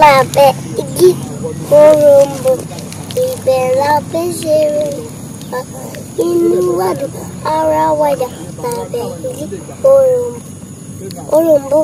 labe igi òrombó ibẹ̀ labe ṣeré inú wàdùn ara wàdà labe igi òrombó.